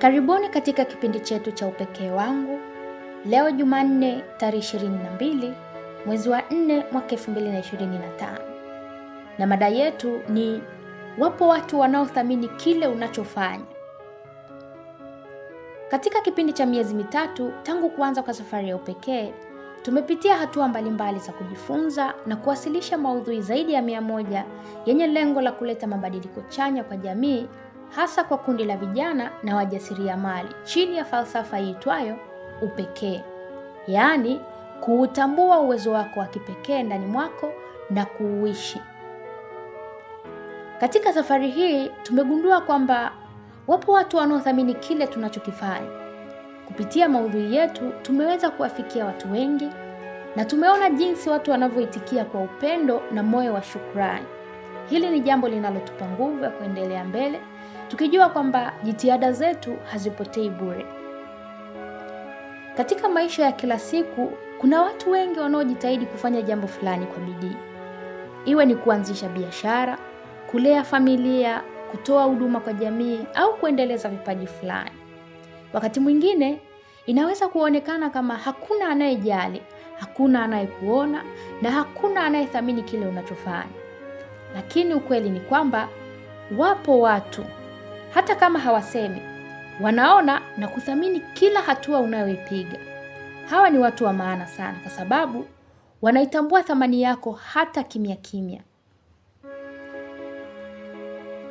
Karibuni katika kipindi chetu cha Upekee wangu. Leo Jumanne tarehe 22 mwezi wa 4 mwaka 2025, na mada yetu ni wapo watu wanaothamini kile unachofanya. Katika kipindi cha miezi mitatu tangu kuanza kwa safari ya upekee, tumepitia hatua mbalimbali za kujifunza na kuwasilisha maudhui zaidi ya mia moja yenye lengo la kuleta mabadiliko chanya kwa jamii hasa kwa kundi la vijana na wajasiriamali chini ya falsafa iitwayo upekee, yaani kuutambua uwezo wako wa kipekee ndani mwako na kuuishi. Katika safari hii tumegundua kwamba wapo watu wanaothamini kile tunachokifanya. Kupitia maudhui yetu tumeweza kuwafikia watu wengi na tumeona jinsi watu wanavyoitikia kwa upendo na moyo wa shukrani. Hili ni jambo linalotupa nguvu ya kuendelea mbele tukijua kwamba jitihada zetu hazipotei bure. Katika maisha ya kila siku, kuna watu wengi wanaojitahidi kufanya jambo fulani kwa bidii, iwe ni kuanzisha biashara, kulea familia, kutoa huduma kwa jamii au kuendeleza vipaji fulani. Wakati mwingine inaweza kuonekana kama hakuna anayejali, hakuna anayekuona na hakuna anayethamini kile unachofanya, lakini ukweli ni kwamba wapo watu hata kama hawasemi, wanaona na kuthamini kila hatua unayoipiga. Hawa ni watu wa maana sana, kwa sababu wanaitambua thamani yako hata kimya kimya.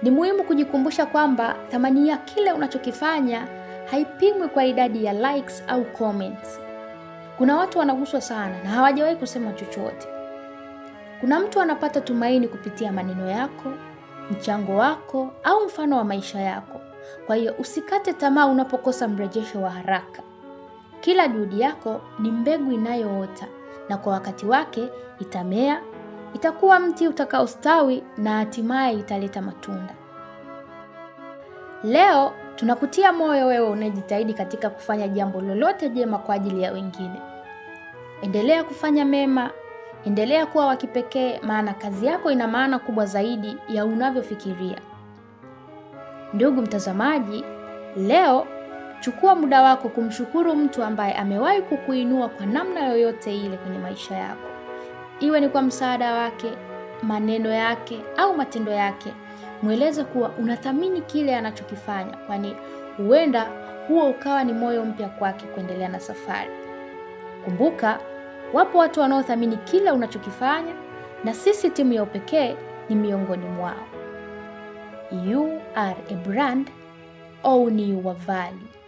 Ni muhimu kujikumbusha kwamba thamani ya kile unachokifanya haipimwi kwa idadi ya likes au comments. Kuna watu wanaguswa sana na hawajawahi kusema chochote. Kuna mtu anapata tumaini kupitia maneno yako mchango wako au mfano wa maisha yako. Kwa hiyo usikate tamaa unapokosa mrejesho wa haraka. Kila juhudi yako ni mbegu inayoota na kwa wakati wake itamea, itakuwa mti utakaostawi na hatimaye italeta matunda. Leo tunakutia moyo wewe unayejitahidi katika kufanya jambo lolote jema kwa ajili ya wengine. Endelea kufanya mema Endelea kuwa wa kipekee, maana kazi yako ina maana kubwa zaidi ya unavyofikiria. Ndugu mtazamaji, leo chukua muda wako kumshukuru mtu ambaye amewahi kukuinua kwa namna yoyote ile kwenye maisha yako, iwe ni kwa msaada wake, maneno yake au matendo yake. Mweleze kuwa unathamini kile anachokifanya, kwani huenda huo ukawa ni moyo mpya kwake kuendelea na safari. Kumbuka, Wapo watu wanaothamini kila unachokifanya na sisi timu ya Upekee ni miongoni mwao. You are a brand, own your value.